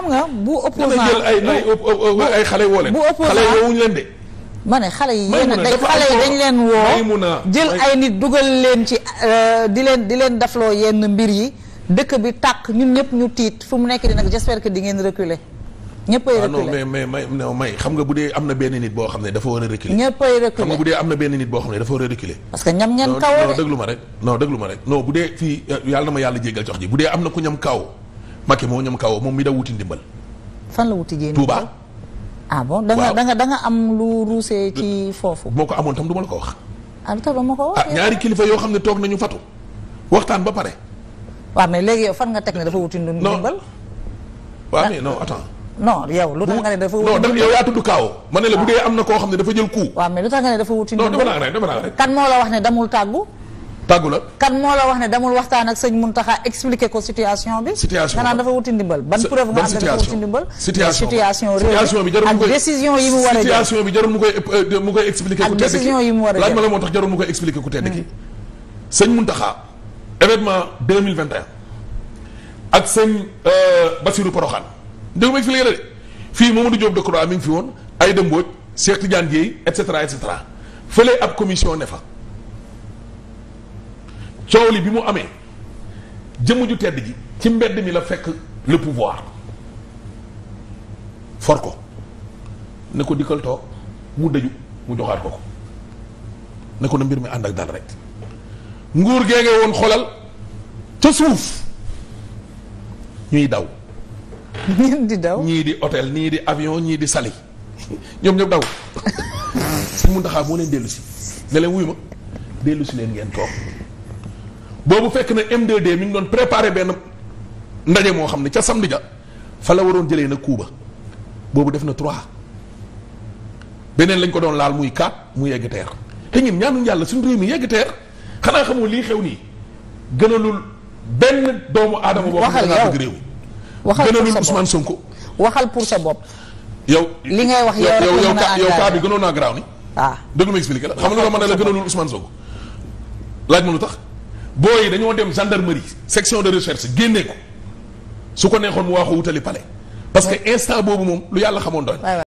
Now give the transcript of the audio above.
xam nga bu opposant jël ay ay xale woo leen. bu opposant xale woowuñu leen de. ma ne xale yi yéen dañ xale yi dañ leen woo jël ay nit dugal leen ci euh, di leen di leen dafloo yenn mbir yi dëkk bi tàkk ñun ñëpp ñu tiit fu mu nekk di nag j'espère que di ngeen reculer ñëppay ah, reculer non mais mais may non may xam nga bu dee am na benn nit boo xam ne dafa war a reculer ñëppay reculer xam nga bu dee am na benn nit boo xam ne dafa war a reculer parce que ñam ñan kaw non déglu ma rek non déglu ma rek non bu dee fii yàlla na ma yàlla jéggal jox ji bu dee am na ku ñam kaw Macky moom ñoom kaw moom mi da wuti ndimbal. fan la wuti jéem Touba. ah bon da nga da nga am lu ruusee ci foofu. moo ko amoon tam du ma la ko wax. ah lu tax dama ko wax. Ah, ñaari kilifa yoo xam ne toog nañu fatu waxtaan ba pare. waaw mais léegi fan nga teg ne dafa wuti ndimbal. waaw ah. mais non attends. non yow lu tax nga ne kaaw ma ne la ah. bu dee xam ne dafa jël coup. waaw mais lu tax nga ne dafa wuti ndimbal non dama moo la wax ne damul tàggu. tàggu la. kan moo la wax ne damul waxtaan ak sëñ Mountakha expliquer ko situation bi. situation xanaa dafa wuti ndimbal. ban preuve nga am dafa wuti ndimbal. situation situation réew mi ak décision yi mu war a jël situation bi jarul mu koy euh, mu koy expliquer ku tedd ki ak décision yi mu war a jël laaj ma la moo tax jarul mu koy expliquer ku tedd ki. Hmm. sëñ Mountakha événement 2021 ak sëñ euh, Bassirou Porokhane dégg nga fi léegi de fii Mamadou Diop Decroix mi ngi fi woon ay Demboj Cheikh Tidiane Dièye et cetera et cetera fële ab commission ne fa. coow li bi mu amee jëmm ju tedd ji ci mbedd mi la fekk le pouvoir for ko ne ko dikkal toog mu dëju mu joxaat ko ne ko na mbir mi ànd ak dal rek nguur gee nga woon xolal ca suuf ñuy daw ñii di daw ñii di hôtel ñii di avion ñii di sali ñoom ñëpp daw su mu ndaxaa moo leen dellu ne leen wuyu ma dellu si leen ngeen toog boobu fekk na m 2 mi ngi doon préparé benn ndaje moo xam ne ca samedi ja fa la waroon jëlee nag kuuba boobu def na trois beneen lañ ko doon laal muy quatre mu yegg teer te ñun ñaanuñ yàlla suñu réew mi yegg teer xanaa xamoo lii xew nii gënalul benn doomu aadama boo xam ne bëgg réew gënalul Ousmane Sonko waxal pour sa bopp yow li ngay wax yow yow cas bi gënoon naa garaaw ni waaw ah. dëgg ma expliqué la xam nga lu ma ne la gënalul Ousmane Sonko laaj ma lu tax booy dañoo dem gendarmerie section de recherche génnee ko su ko neexoon mu waaxu wutali palais parce que instant boobu moom lu yàlla xamoon doy